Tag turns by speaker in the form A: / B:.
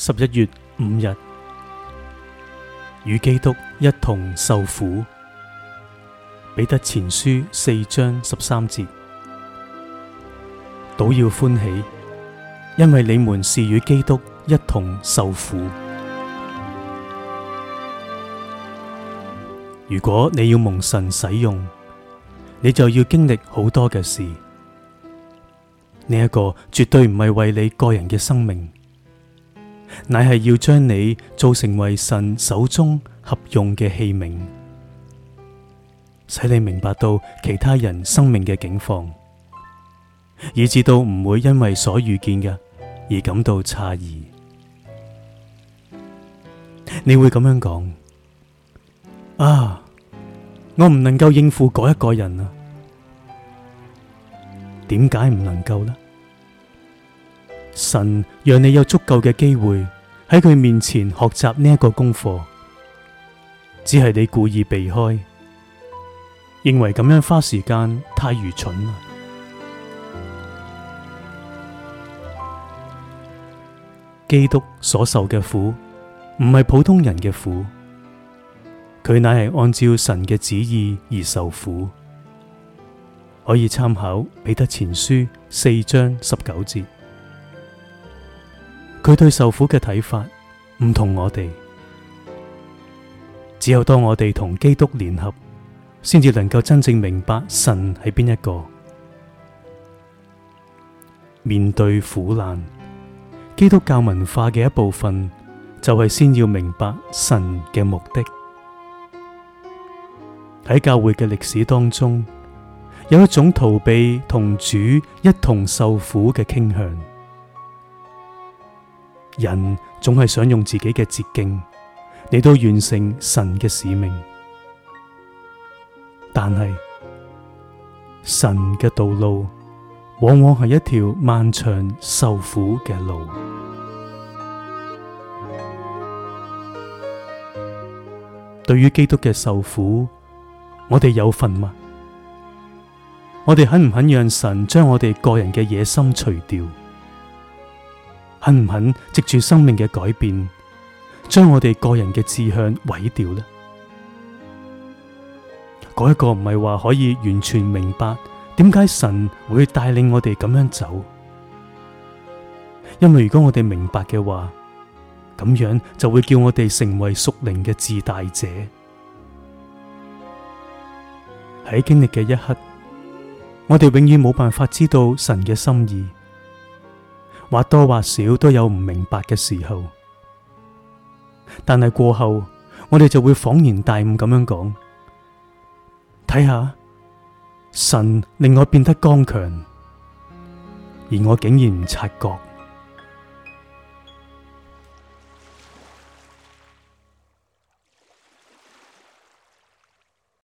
A: 十一月五日，與基督一同受苦。彼得前書四章十三節：倒要歡喜，因為你們是與基督一同受苦。如果你要蒙神使用，你就要經歷好多嘅事。呢一個絕對唔係為你個人嘅生命。乃係要將你做成為神手中合用嘅器皿，使你明白到其他人生命嘅境況，以至到唔會因為所遇見嘅而感到詫異。你會咁樣講，啊，我唔能夠應付嗰一個人啊，點解唔能夠呢？神讓你有足夠嘅機會喺佢面前學習呢一個功課，只係你故意避開，認為咁樣花時間太愚蠢啦。基督所受嘅苦唔係普通人嘅苦，佢乃係按照神嘅旨意而受苦，可以參考彼得前書四章十九節。佢對受苦嘅睇法唔同我哋，只有當我哋同基督聯合，先至能夠真正明白神係邊一個。面對苦難，基督教文化嘅一部分就係先要明白神嘅目的。喺教會嘅歷史當中，有一種逃避同主一同受苦嘅傾向。人總係想用自己嘅捷徑，你都完成神嘅使命。但係神嘅道路，往往係一條漫長受苦嘅路。對於基督嘅受苦，我哋有份嗎？我哋肯唔肯讓神將我哋個人嘅野心除掉？肯唔肯藉住生命嘅改變，將我哋個人嘅志向毀掉呢？嗰一個唔係話可以完全明白點解神會帶領我哋咁樣走，因為如果我哋明白嘅話，咁樣就會叫我哋成為屬靈嘅自大者。喺經歷嘅一刻，我哋永遠冇辦法知道神嘅心意。，或多或少都有唔明白嘅時候，但係過後，我哋就會恍然大悟咁樣講：睇下神令我變得剛強，而我竟然唔察覺。